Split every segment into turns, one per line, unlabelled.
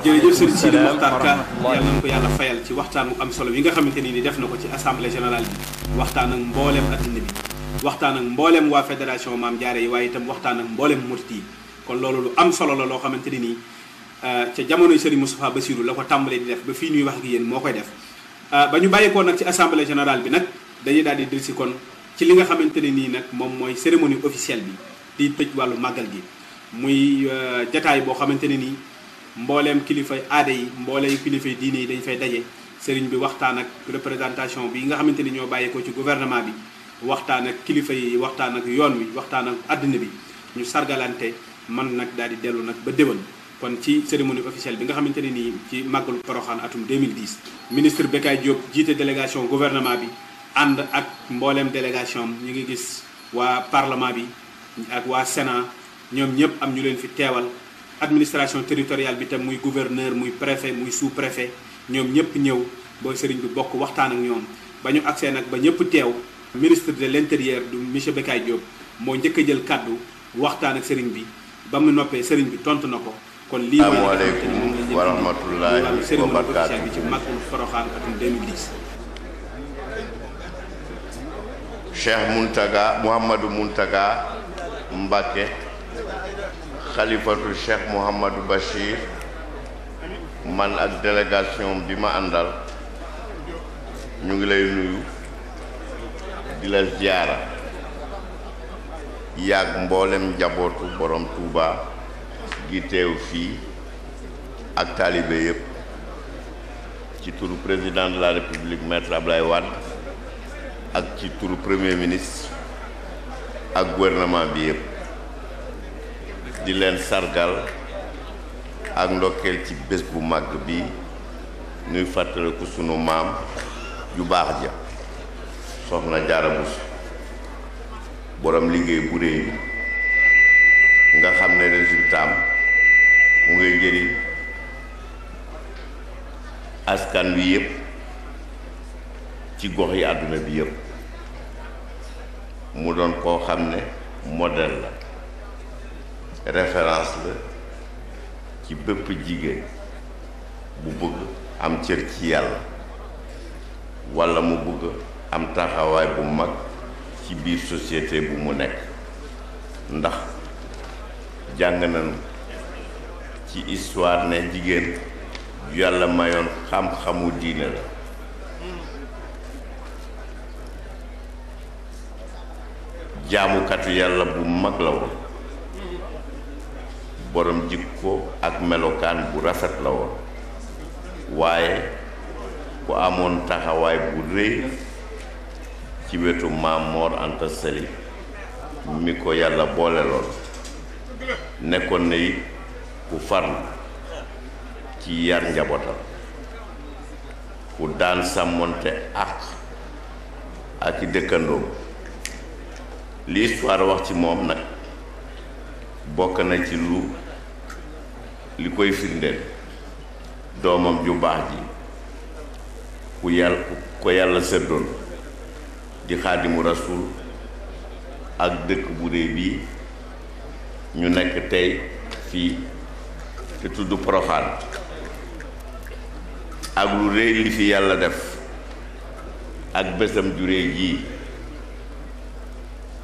jërëjëf sëriñ Sidi Mokhtar Ka yàlla na ko yàlla fayal ci waxtaan bu am solo yi nga xamante ni ni def na ko ci assemblée générale bi waxtaan ak mbooleem adduna bi waxtaan ak mbooleem waa fédération Maam Jaara yi waaye itam waxtaan ak mbooleem murit tii kon loolu lu am solo la loo xamante ni nii euh, ca jamonoy sëriñ ba Bassirou la ko tàmbalee di def ba fii ñuy wax ak yéen moo koy def euh, ba ñu bàyyikoo nag ci assemblée général bi nag dañuy daal di dil si kon ci li nga xamante ne nii nag moom mooy cérémonie officielle bi di tëj wàllu màggal gi muy euh, jataay boo xamante ne nii mbooleem kilifay aada yi mbooleem kilifay diine yi dañ fay daje sëriñ bi waxtaan ak représentation bi nga xamante ni ñoo bàyyi ko ci gouvernement bi waxtaan ak kilifa yi waxtaan ak yoon wi waxtaan ak àddina bi ñu sargalante man nag daal di dellu nag ba déwén. kon ci cérémonie officielle bi nga xamante ne nii ci màggalu Poroxaan atum 2010 ministre Bekay Diop jiite délégation gouvernement bi ànd ak mbooleem délégation ñu ngi gis waa parlement bi ak waa Sénat ñoom ñëpp am ñu leen fi teewal. administration territoriale bi tam muy gouverneur muy préfet muy sous préfet ñoom ñëpp ñëw booy sëriñ bi bokk waxtaan ak ñoom ba ñu agsee nag ba ñëpp teew ministre de l' intérieur du monsieur Bekaay Diop moo njëkk a jël kàddu waxtaan ak sëriñ bi ba mu noppee sëriñ bi tontu na ko kon lii asalaamaaleykum wa rahmatullaahi bi ci màggal Poroxaan atum 2010
Cheikh Muntaga Mouhamadou Muntaga Mbacké xalifatu Cheikh Mouhamadou Bachir man ak délégation bi ma àndal ñu ngi lay nuyu di la ziyaara yàgg mboolem njabootu borom Touba gi teew fii ak taalibe yépp ci turu président de la république maître Ablaye Wade ak ci turu premier ministre ak gouvernement bi yépp di leen sargal ak ndokkeel ci bés bu màgg bi ñuy fàttaliku sunu maam yu baax ja soxna Jaara Buso borom liggéey bu réy nga xam ne résultat am mu ngay njëriñ askan wi yëpp ci gox yi àdduna bi yëpp mu doon koo xam ne modèle la référence la ci bépp jigéen bu bëgg am cër ci yàlla walla mu bëgg am taxawaay bu mag ci biir société bu mu nekk ndax jàng nañu ci histoire ne jigéen yàlla mayoon xam-xamu diine la jaamukatu yàlla bu mag la woon borom jikko ak melokaan bu rafet la woon waaye bu amoon taxawaay bu rëy ci wetu maam Mor Anta Sali mi ko yàlla boole lool nekkoon na ku farlu ci yar njabootam ku daan sàmmonte ak ak i dëkkandoom li histoire wax ci moom nag bokk na ci lu li koy firndeel doomam ju baax ji ku yàlla ko yàlla seddoon di xaadimu rasul ak dëkk bu rëy bii ñu nekk tey fii te tudd Poroxaan ak lu rëy li fi yàlla def ak bésam ju rëy jii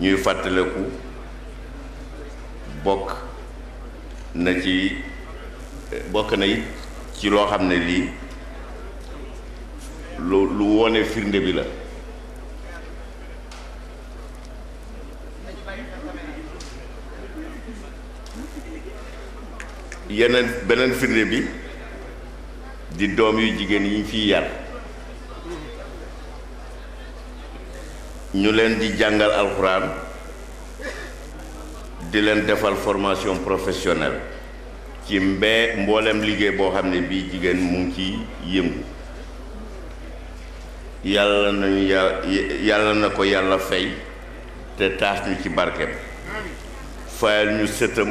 ñuy fàttaliku bokk na ci bokk na it ci loo xam ne lii lu lu wone firnde bi la yeneen beneen firnde bi di doom yu jigéen yi ñu fiy yar ñu leen di jàngal alxuraan di leen defal formation professionnelle ci mbee mboolem liggéey boo xam ne bii jigéen mu ci yëngu yàlla nañu yàlla na ko yàlla fay te taas ñu ci barkeem fayal ñu sëtam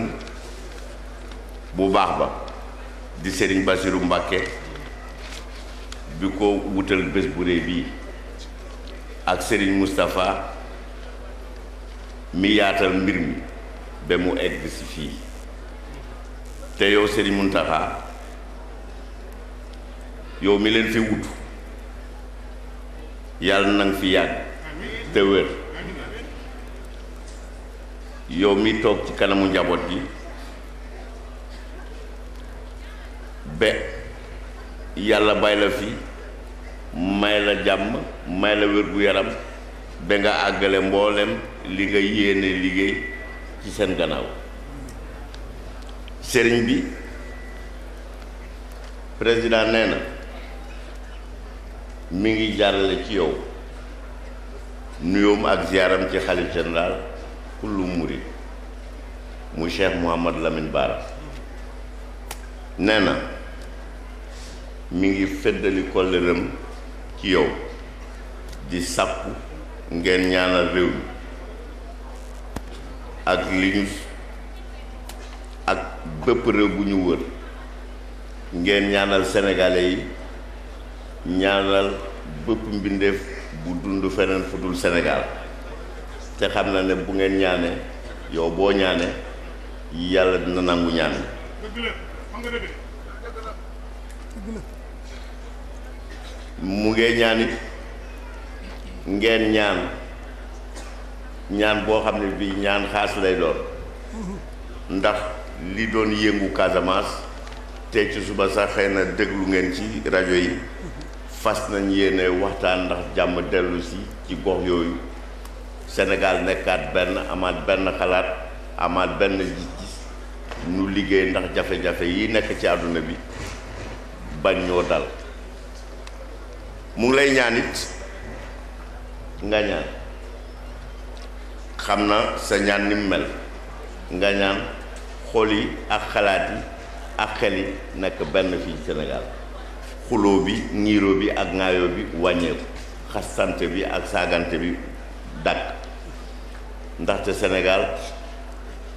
bu baax ba di sëriñ Bassirou Mbacké bi ko wutal bés bu rëy bii ak Serigne mustafa mi yaatal mbir mi ba mu egg si fii te yow Serigne Mountakha yow mi leen fi wut yàlla na nga fi yàgg te wér yow mi toog ci kanamu njaboot gi ba yàlla bàyyi la fi may la jàmm may la wér gu yaram ba nga àggale mboolem li nga yéene liggéey ci seen gannaaw. sëriñ bi président nee na mi ngi jaarale ci yow nuyoom ak ziaram ci xalif général kullu murid mu Cheikh Mouhamad lamin Bara nee na mi ngi feddali kolleeram ci yow di sàkku ngeen ñaanal réew mi ak li ak bépp réew bu ñu wër ngeen ñaanal sénégalais yi ñaanal bépp mbindeef bu dund feneen fu dul Sénégal te xam na ne bu ngeen ñaane yow boo ñaane yàlla dina nangu ñaan mu ngeen ñaanit ngeen ñaan ñaan boo xam ne bii ñaan xaas lay doon ndax li doon yëngu Casamance tey ci suba sax xëy na déglu ngeen ci rajo yi fas nañ yéene waxtaan ndax jàmm dellusi ci gox yooyu senegaal nekkaat benn amaat benn xalaat amaat benn gis-gis nu liggéey ndax jafe-jafe yi nekk ci àdduna bi bañ ñoo dal mu lay ñaan it nga xam na sa ñaan ni mel ngañaan xol yi ak xalaat yi ak xel yi nekk benn fii Sénégal xuloo bi ñiiroo bi ak ŋaayoo bi wàññeeku xasante bi ak saagante bi dàkk ndaxte Sénégal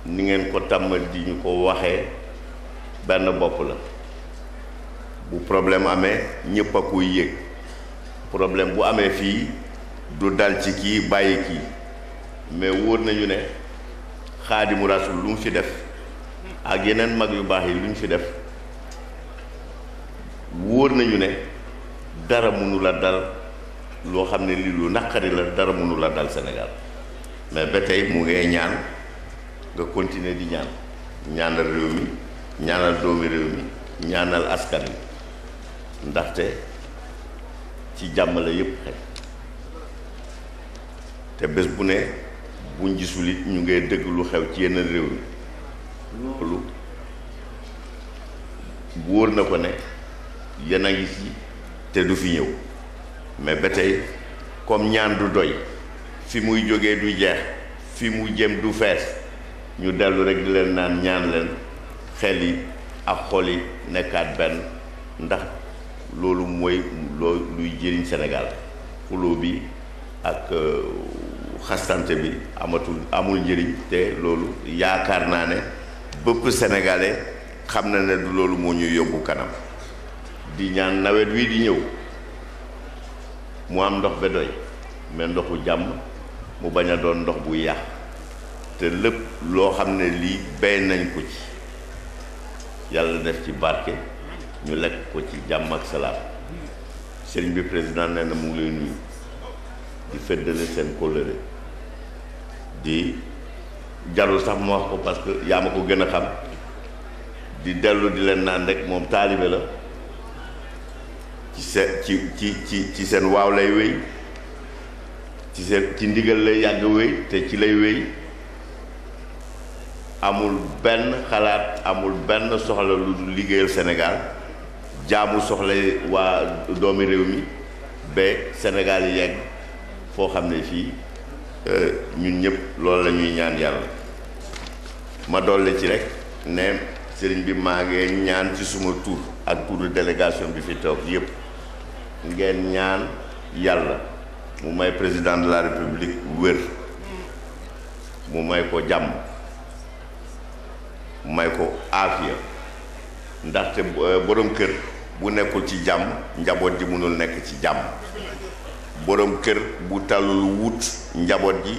ni ngeen ko tàmbal di ñu ko waxee benn bopp la bu problème amee ñëpp a koy yëg problème bu amee fii du dal ci kii bàyyi kii mais wóor nañu ne xaadimu rasul lu mu fi def ak yeneen mag yu baax yi lu ñu fi def wóor nañu ne dara mënu la dal loo xam ne lii lu naqari la dara mënu dal senegal mais ba tey mu ngay ñaan nga continuer di ñaan ñaanal réew mi ñaanal doomi réew mi ñaanal askan wi ndaxte ci jàmm la yépp xëy te bés bu ne buñ gisul it ñu ngay dëgg lu xew ci yenn réew mi loolu wóor na ko ne yéen a ngi ci te du fi ñëw mais ba tey comme ñaan du doy fi muy jógee du jeex fi mu jëm du fees ñu dellu rek di leen naan ñaan leen xel yi ak xol nekkaat benn ndax loolu mooy loo luy jëriñ Sénégal xuloo bi ak euh, xastante bi amatul amul njëriñ te loolu yaakaar naa ne bëpp sénégalais xam na ne du loolu moo ñu yóbbu kanam di ñaan nawet wi di ñëw mu am ndox ba doy mais ndoxu jàmm mu bañ a doon ndox bu yax te lépp loo xam ne lii bay nañ ko ci yàlla def ci barke ñu lekk ko ci jàmm ak salaam sëriñ bi président nee na mu ngi lay nuyu di feddale seen kóllëre di jarul sax ma wax ko parce que yaa ma ko gën a xam di dellu di leen naan rek moom taalibe la ci seen ci ci ci seen waaw lay wéy ci seen ci ndigal lay yàgg wéy te ci lay wéy amul benn xalaat amul benn soxla lu dul liggéeyal senegaal jaamu soxla waa doomi réew mi ba Sénégal yegg foo xam ne fii Euh, ñun ñëpp loolu lañuy ñaan yàlla ma dolli ci rek ne sëriñ bi maa ngi ñaan ci suma tur ak turu délégation bi fi toog yëpp ngeen ñaan yàlla mu may président de la république wér mu may ko jàmm may ko aafiya ndaxte euh, borom kër bu nekkul ci jàmm njaboot ji mënul nekk ci jàmm boroom kër bu tàllul wut njaboot ji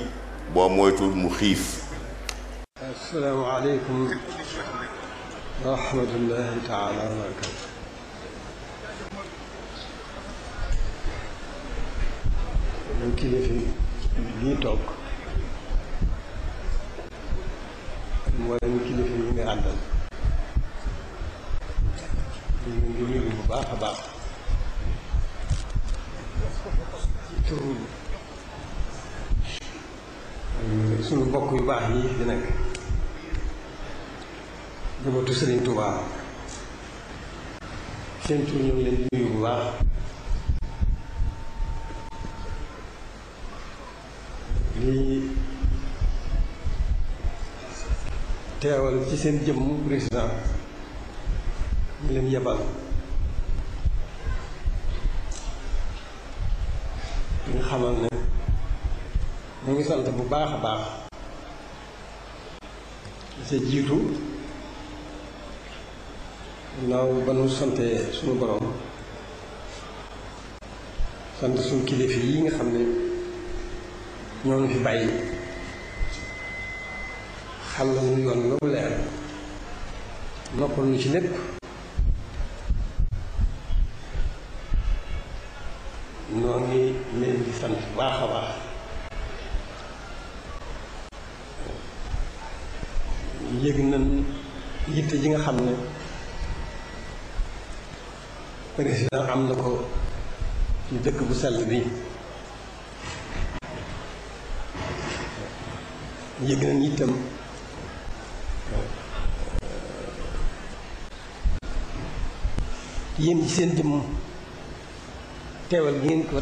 boo moytul mu xiif
assalaamu aleykum wa rahmatullahi taala wa barakatu ñu toog mboolem kilifa baax baax turu suñu bokk yu baax yi di nekk jubatu Serigne Touba seen tur ñu ngi leen di bu baax lii teewal ci seen jëmm président ñu leen yebal ñu xamal ne ñu ngi sant bu baax a baax sa jiitu naaw ba nu sante suñu borom sant suñu kilifa yi nga xam ne ñoo ñu fi bàyyi xàllal ñu yoon loolu leer noppal ñu ci lépp nga xam ne président am na ko ci dëkk bu sell bi yëg nañ itam euh, yéen ci seen jëmm teewal ngeen ko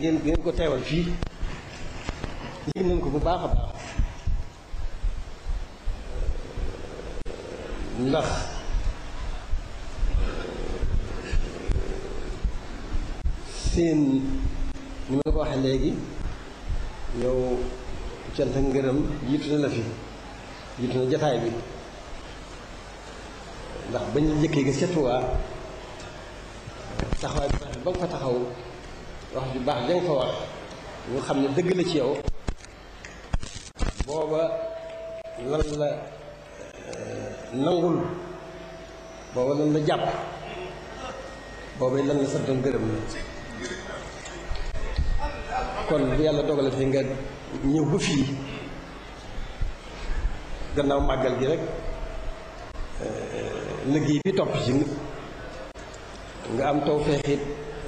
ngeen ko teewal fii yëg nañ ko bu baax a baax ndax seen ni ma ko waxee léegi yow cant ak ngërëm jiitu na la fi jiitu na jataay bi ndax bañ la jëkkee gis ca Tuubaa taxawaay bi ba nga fa taxaw wax ju baax ja nga fa wax ñu xam ne dëgg la ci yow booba lan la nangul booba lan la jàpp boobay lan la santoon gërëm la kon bu yàlla dogale fi nga ñëw ba fii gannaaw màggal gi rek eh, liggéey bi topp ci nga am taw feexit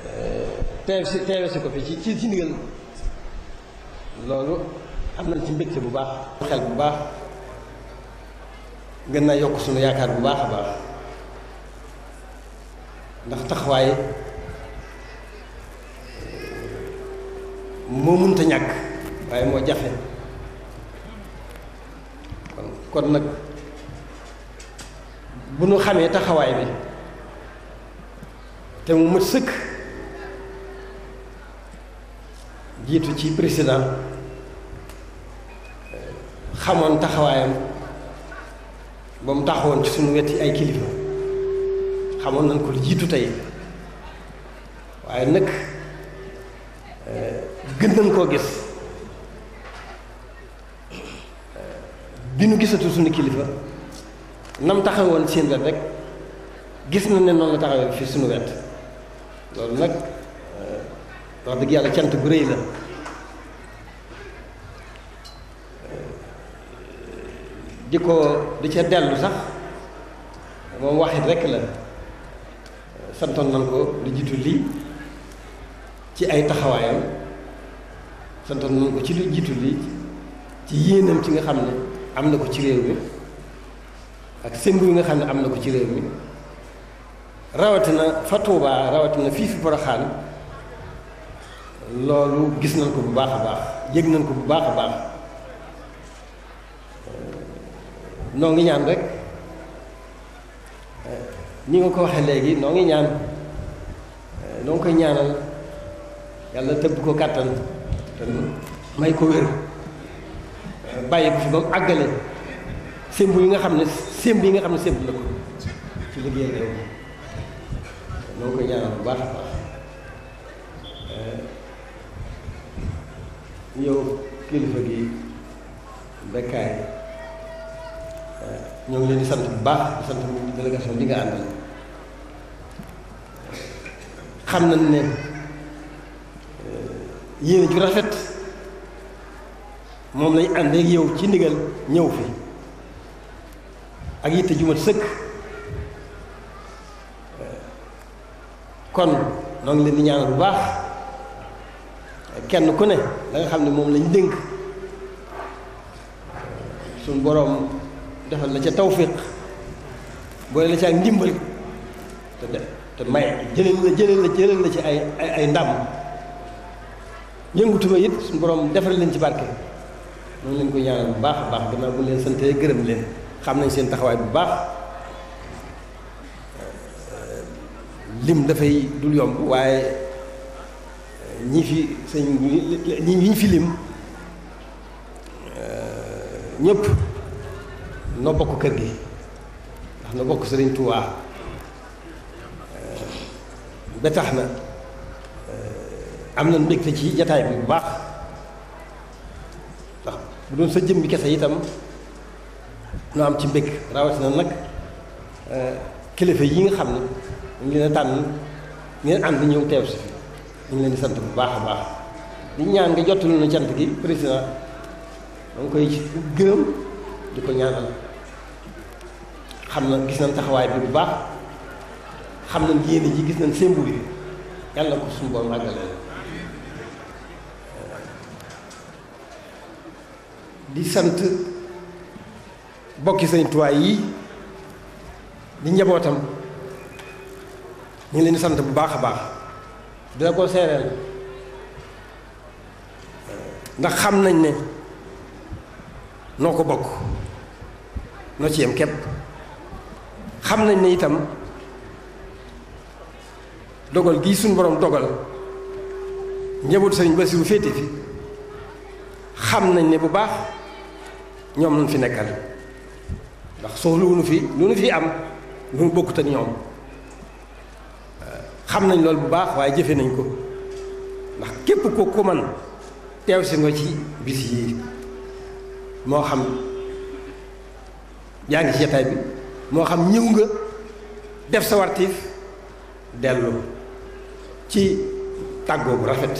eh, teew si teewe si ko fi ci ci ci ndigal loolu am nañ ci mbégte bu baax xel bu baax gën na yokk suñu yaakaar bu baax a baax ndax taxawaay moo mënta ñàkk waaye moo jafe kon nag bu nu xamee taxawaay bi te mu mët sëkk jiitu ci président xamoon taxawaayam ba mu taxawoon ci suñu weti ay kilifa xamoon nañ ko lu jiitu tey waaye nag eh, gën nañ koo gis eh, bi nu gisatu suñu kilifa nam taxawoon seen wet rek gis na ne noon la taxawee fi suñu wet loolu nag eh, wax dëgg yàlla cant gu rëy la di ko di ca dellu sax moom waxit rekk la santoon nañ ko li jiitu lii ci ay taxawaayam santoon nañ ko ci lu jiitu lii ci yéenam ci nga xam ne am na ko ci réew mi ak sëmbu yi nga xam ne am na ko ci réew mi rawatina fa Tuubaa rawatina fii fi Poroxaan loolu gis nan ko bu baax a baax yëg nañ ko bu baax a baax noo ngi ñaan rek ñi nga ko waxee léegi noo ngi ñaan noo ko ñaanal yàlla tëbb ko kàttan may ko wér bàyyi ko fi ba àggale sémb yi nga xam ne sémb yi nga xam ne sémb la ko ci liggéey réew mi noo ngi ñaanal bu baax a baax yow kilifa gi bekkaay ñoo ngi leen di sant bu baax di sant mu délégation bi nga àndal xam nañ ne euh, yéen ju rafet moom lañ ànd ak ci ndigal ñëw fi ak yitte ju mat sëkk kon noo ngi leen di ñaanal bu baax kenn ku ne la xam ne moom lañ dénk suñu boroom defal la ca tawfiq boole la ci ak ndimbal te de te may jëlee la jëlee la jëlee la ci ay ay ay ndam yëngutuma it suñu borom defal leen ci barke noonu lañ ko ñaanal bu baax a baax gannaaw bu leen santee gërëm leen xam nañ seen taxawaay bu baax lim dafay dul yomb waaye ñii fi sëñ ñi ñu fi lim ñépp noo bokk kër gi ndax noo bokk Sëriñ Tuubaa eh, ba tax na eh, am na mbégte ci jataay bi bu baax ndax bu doon sa jëmbi kese itam noo am ci mbég rawatina nag eh, kilifa yi nga xam ne ñu leen a tànn ngeen ànd ñëw teew si ñu ngi leen di sant bu baax a baax di ñaan nga jottalu na cant gi président da koy gërëm di ko ñaanal xam na gis nañ taxawaay bi bu baax xam nañ yéene ji gis nañ sémbu bi yàlla ko suñu sant bokki Sëñ yi di njabootam ñu leen sant bu baax a baax dina ndax xam nañ ne noo ko bokk noo ci yem képp xam nañ ne itam dogal gii suñu boroom dogal njabootu sëriñ bu féete fi xam nañ ne bu baax ñoom lañ fi nekkal ndax soxlu wu nu fi lu nu fi am lu nu bokkut ak ñoom xam nañ loolu bu baax waaye jëfe nañ ko ndax képp ko ko man teew si nga ci bis yii moo xam yaa ngi ci jataay bi moo xam ñëw nga def sa wartiif dellu ci tàggoo bu rafet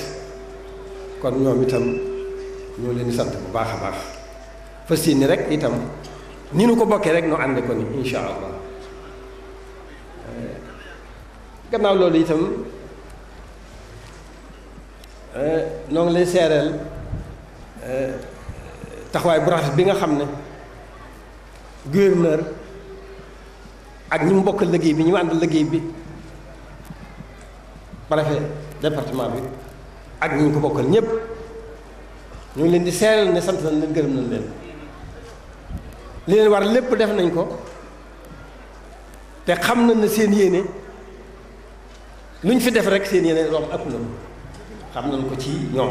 kon ñoom itam ñoo leen di sant bu baax a baax fas yéene rek itam ni nu ko bokkee rek noo ànd ko ni insha allah eh, gannaaw loolu itam eh, noo ngi lay seereel eh, taxawaay bu rafet bi nga xam ne gouverneur ak ñu mu bokkal liggéey bi ñu mu àndal liggéey bi préfet département bi ak ñi ñu ko bokkal ñëpp ñu ngi leen di seeral ne sant nañ leen gërëm na leen li leen war lépp def nañ ko te xam nañ ne seen yéene lu ñu fi def rek seen yéene romb ëpp nañ xam nañ ko ci ñoom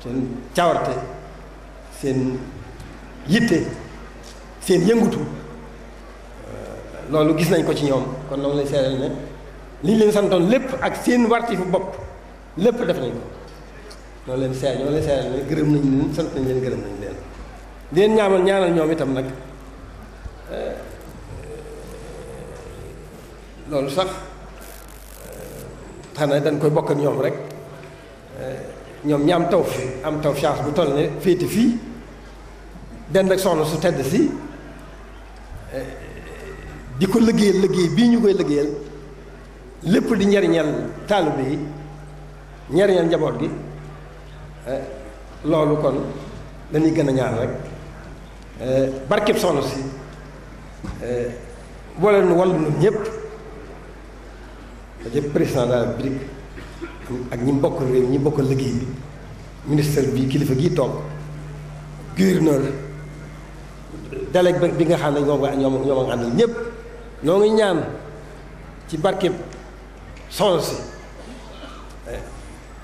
seen cawarte seen yitte seen yëngutu loolu gis nañ ko ci ñoom kon noonu lañ seeral ne liñ leen santoon lépp ak seen warti fu bopp lépp def nañ ko noonu leen seer ñoo leen seeral ne gërëm nañu leen sant nañ leen gërëm nañu leen di leen ñaamal ñaanal ñoom itam nag eh, loolu sax eh, xanaa dañ koy bokkat ñoom rek eh, ñoom ñi am taw fi am taw chance bu toll ne féete fii dend ak soxna su tedd si di ko liggéeyal liggéey bii ñu koy liggéeyal lépp di njariñal taalibe yi njariñal njaboot gi eh, loolu kon dañuy gën a ñaan rek eh, barkeb soxna si eh, boole nu wàllu nun ñëpp dajëpp président de la République ak ñi mbokk réew ñi mbokk liggéey bi bi kilifa gi toog gouverneur délégué bi nga xam ne ñoom ñoom ñoom a àndal ñëpp ñoo ngi ñaan ci barkeb sonsi si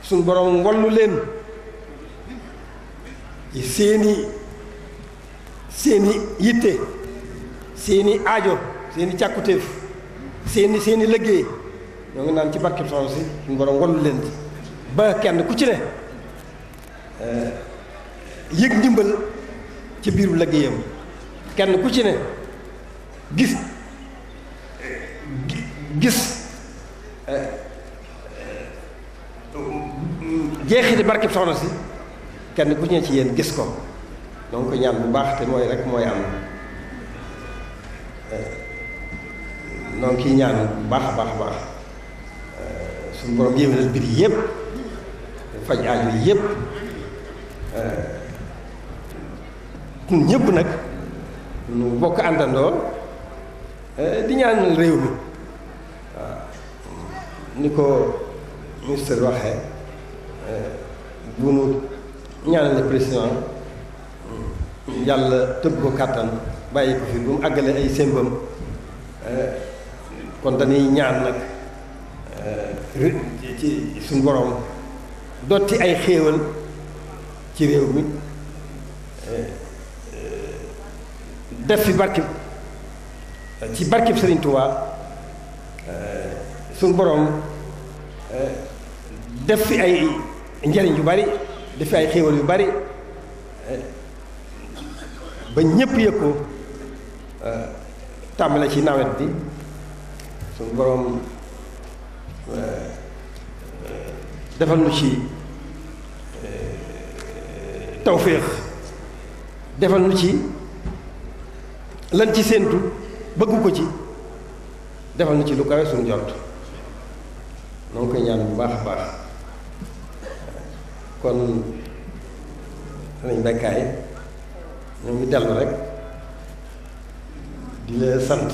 suñ borom wallu leen ci seeni seeni yitte seeni aajo seeni càkkutéef seeni seeni liggéey ñoo ngi naan ci barkeb soxna suñ borom wallu leen ci ba kenn ku ci ne eh, yëg ndimbal ci biiru liggéeyam kenn ku ci ne gis gis euh, jeexiti barkeb soxna si kenn ku ñëw ci yéen gis ko donc ko ñaan bu baax te mooy rek mooy am euh, noonu kii ñaan bu baax a baax a baax euh, suñu borom yéwénal mbir yépp faj aajo yépp ñun ñëpp nag ñu bokk àndandoo di ñaanal réew mi ni ko ministre waxee eh, bu nu ñaanale président yàlla tëb ko kàttan bàyyi ko fi bu mu àggale ay sémbam eh, kon dañuy ñaan nag eh, ci suñu borom dotti ay xéewal ci réew mi def fi barkib ci barkib Sëriñ Tuubaa su boroom eh, def fi ay njariñ yu bari def fi ay xéewal yu bari eh, ba ñépp yëg ko eh, tàmbale ci nawet bi su boroom defal nu ci tawféex defal nu ci lan ci séentu bëggu ko ci defal nu ci lu kawe suñu jort noo koy ñaan bu baax a baax kon nañ bekkaay ñoo ngi dellu rek di la sant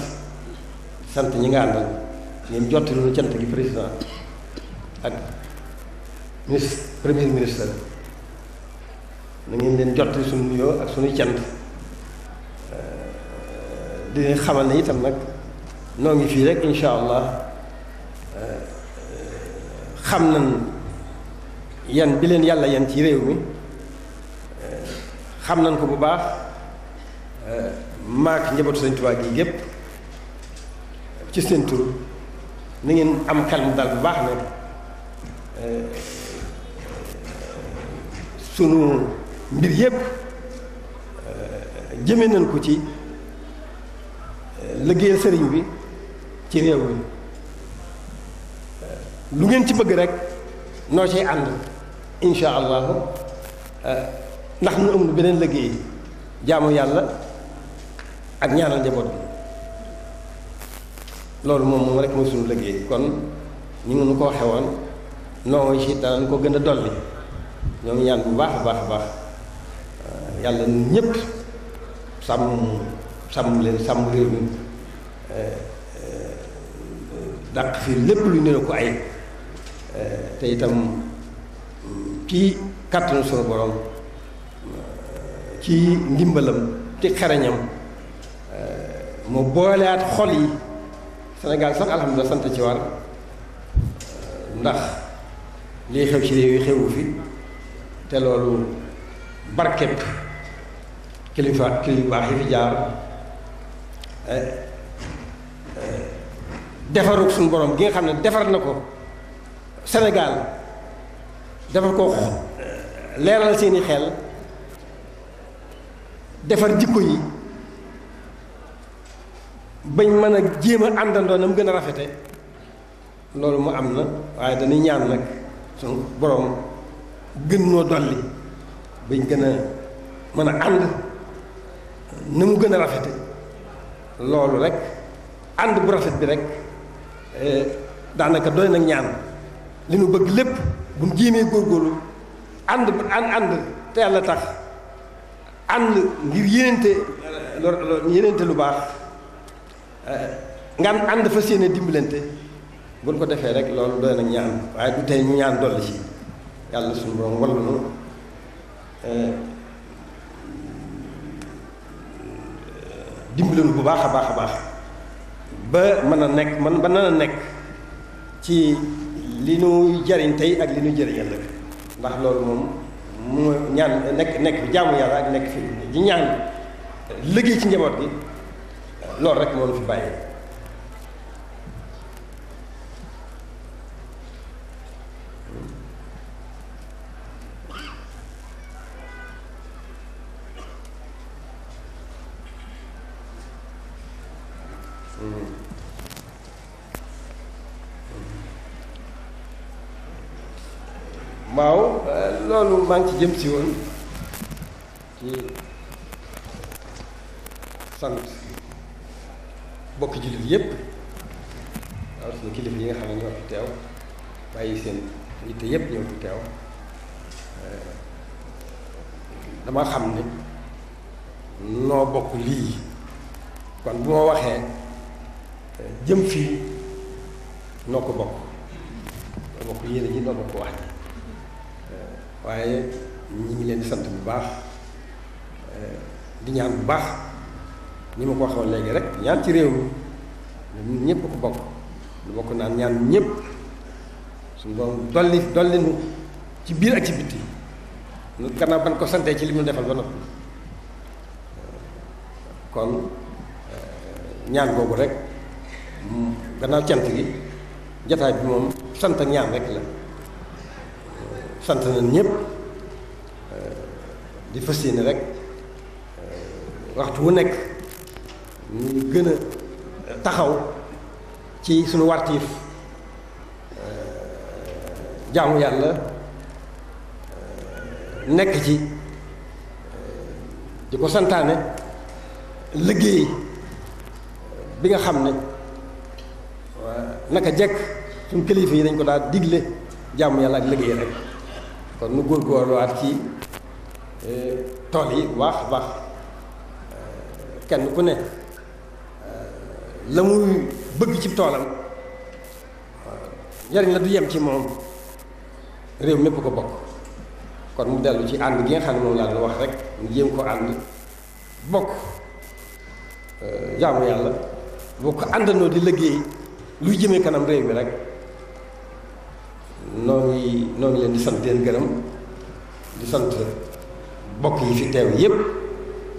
sant ñi nga àndal ngeen jottali lu cant gi président ak ministre premier na ngeen leen jottali suñu nuyoo ak suñuy cant di xamal ne itam nag noo ngi fii rek incha allah xam nañ yan bi leen yàlla yan ci réew mi eh, xam nañ ko bu baax eh, maak njabootu Sëñ Tuubaa gi yépp ci seen tur na ngeen am calme daal bu baax ne eh, sunu mbir yépp jëme nañ ko ci liggéeyal sëriñ bi ci réew mi lu ngeen ci bëgg rek noo cay ànd insha allahu eh, ndax nu amul beneen liggéey jaamu yàlla ak ñaanal njaboot bi loolu moom moom rek mooy suñu liggéey kon ñu ngi nu ko waxe woon noo ci danañ ko gën a dolli ñoo ngi ñaan bu baax a baax a baax eh, yàlla ñun ñëpp sàmm sàmm leen sàmm réew mi eh, dàq fi lépp lu ne ko ay te itam ci kàttanu sunu borom ci ndimbalam ci xarañam mu booleaat xol yi Sénégal sax alhamdulilah sant ci war ndax lii xew ci réew yi xewu fi te loolu barkeb kilifa kilifa yi fi jaar eh, eh, defarug suñu borom gi nga xam ne defar na ko Sénégal defar ko euh, leeral seeni xel defar jikko yi bañ mën a jéem a àndandoo mu gën a rafete loolu mu am na waaye dañuy ñaan nag suñu boroom gën noo dolli bañ gën a mën a ànd na mu gën a rafete loolu rekk ànd bu rafet bi rek euh, daanaka doy nag ñaan li nu bëgg lépp bu nu jéemee góorgóorlu ànd ànd ànd te yàlla tax ànd ngir yénente yénente lu baax eh, nga ànd fa séene dimbalante bu nu ko defee rek loolu doy na ñaan waaye du tey ñu ñaan dolli ci yàlla suñu borom wallu nu eh, dimbalanu bu baax a baax a baax ba mën a nekk man ba mën a nekk ci li nuy jariñ tey ak li nuy jëriñ ëllëg ndax loolu moom mu ñaan nekk nekk fi jaamu yàlla ak nekk fi di ñaan liggéey ci njaboot bi loolu rek moo fi bàyyi loolu ci jëm si woon ci sant bokki jullit yépp waaw suñu kilifa yi nga xam ne ñoo fi teew bàyyi seen yitte yépp ñoo fi teew dama xam ne noo bokk lii kon bu ma waxee jëm fii noo ko bokk noo bokk yéene ji noo bokk wax ji waaye ñi ngi leen di sant bu baax eh, di ñaan bu baax ñi ma ko waxoon léegi rek ñaan ci réew mi ñun ñëpp ko bokk lu bokk naan ñaan ñëpp suñu doon dolli dolli nu ci biir ak ci bitti gannaaw ban ko santee ci li mu defal ba noppi kon eh, ñaan boobu rek gannaaw cant gi jataay bi moom sant ak ñaan rek la sant nañ ñépp euh, di fas yéene rek euh, waxtu wu nekk ñu gën a taxaw ci suñu wartiif euh, jaamu yàlla nekk ci di ko santaane liggéey bi nga xam ne naka jekk suñu kilifa yi dañ ko daal digle jaamu yàlla ak liggéey rek kon mu góor nu góorgóorluwaat ci e, tool yi baax baax e, kenn ku ne e, la muy bëgg ci toolam njariñ la du yem ci moom réew mépp ko bokk kon mu dellu ci ànd gi nga xam ne moom laa doon wax rek mu jéem ko ànd bokk jaamu yàlla boo ko àndandoo di liggéey luy jëmee kanam réew bi rek noo ngi noo ngi leen di sant leen gërëm di sant bokk yi fi teew yépp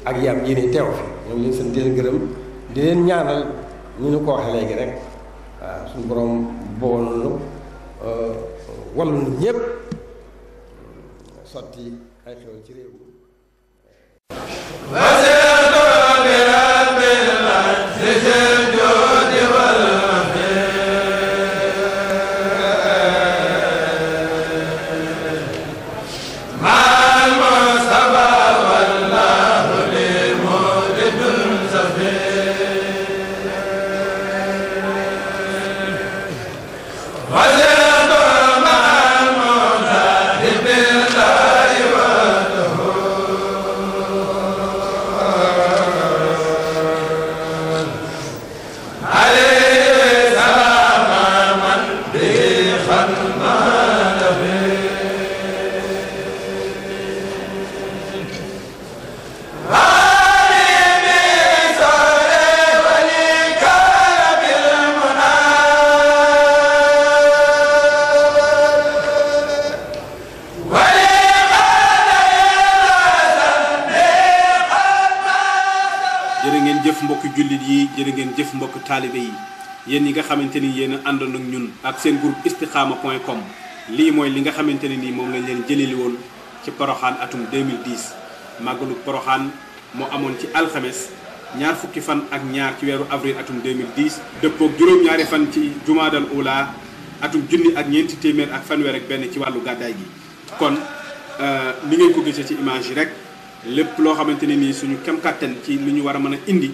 ak yam yi ni teew fi ñoo ngi sant leen gërëm di leen ñaanal ñu ko waxee léegi rek waaw suñu borom boonu euh, wallu nu ñépp sotti ay xewal ci réew mi
jëf mbokk taalibe yi yéen yi nga xamante ni yéen àndoon ak ñun ak seen groupe istikhama point com lii mooy li nga xamante ne nii moom lañ leen jëleli woon ci poroxaan atum 2010 màggalu poroxaan moo amoon ci alxemes ñaar fukki fan ak ñaar ci weeru avril atum 2010 dëppoog juróom-ñaari fan ci jumaadal ula atum junni ak ñeenti téeméer ak fanweer ak benn ci wàllu gàddaay gi kon euh, ni ngeen ko gisee ci image yi rek lépp loo xamante ne nii suñu kem kàttan ci li ñu war a mën a indi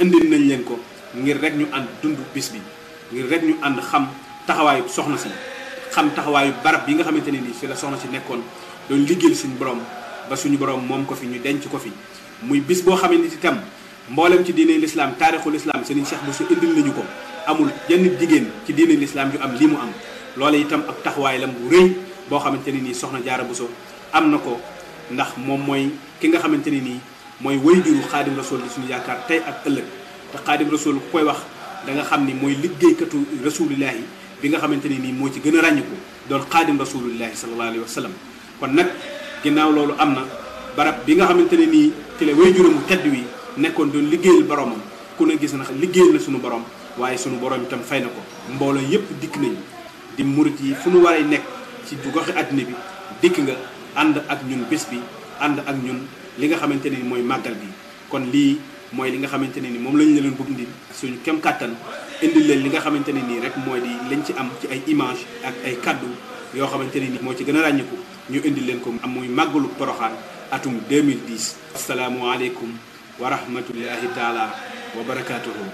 indi nañ leen ko ngir rek ñu ànd dund bis bi ngir rek ñu ànd xam taxawaayu soxna si xam taxawaayu barab yi nga xamante ne nii fi la soxna si nekkoon doon liggéeyal suñu borom ba suñu borom moom ko fi ñu denc ko fi muy bis boo xamante ni itam mboolem ci diine lislaam taarixu lislaam Serigne Cheikh Bousso indil nañu ko amul jenn jigéen ci diine lislaam yu am lii mu am loola itam ab taxawaay lam bu rëy boo xamante ne nii soxna Jaara Bousso am na ko ndax moom mooy ki nga xamante ne nii mooy wayjuru Xaadim Rasuul di suñu yaakaar tey ak ëllëg te xaadim rasul ku koy wax da nga xam ni mooy liggéeykatu rasulillahi bi nga xamante ni nii moo ci gën a ràññiku doon xaadim rasulillahi sallallahu alayhi wa sallam kon nag ginnaaw loolu am na barab bi nga xamante ne nii ci la way juróomu tedd wi nekkoon doon liggéeyal boromam ku ne gis na liggéeyal na suñu borom waaye suñu boroom itam fay na ko mbooloo yëpp dikk nañu di murit yi fu nu waree nekk ci goxi àddina bi dikk nga ànd ak ñun bés bi ànd ak ñun li nga xamante ni mooy màggal bi mooy li nga xamante ne nii moom lañ leen bëgg ndi suñu kem kàttan indi leen li nga xamante ne nii rek mooy di lañ ci am ci ay image ak ay kàddu yoo xamante ne ni moo ci gën a ràññiku ñu indi leen ko am muy màggalu poroxaan atum 2010 asalaamualeykum wa rahmatullahi taala wa barakaatuhu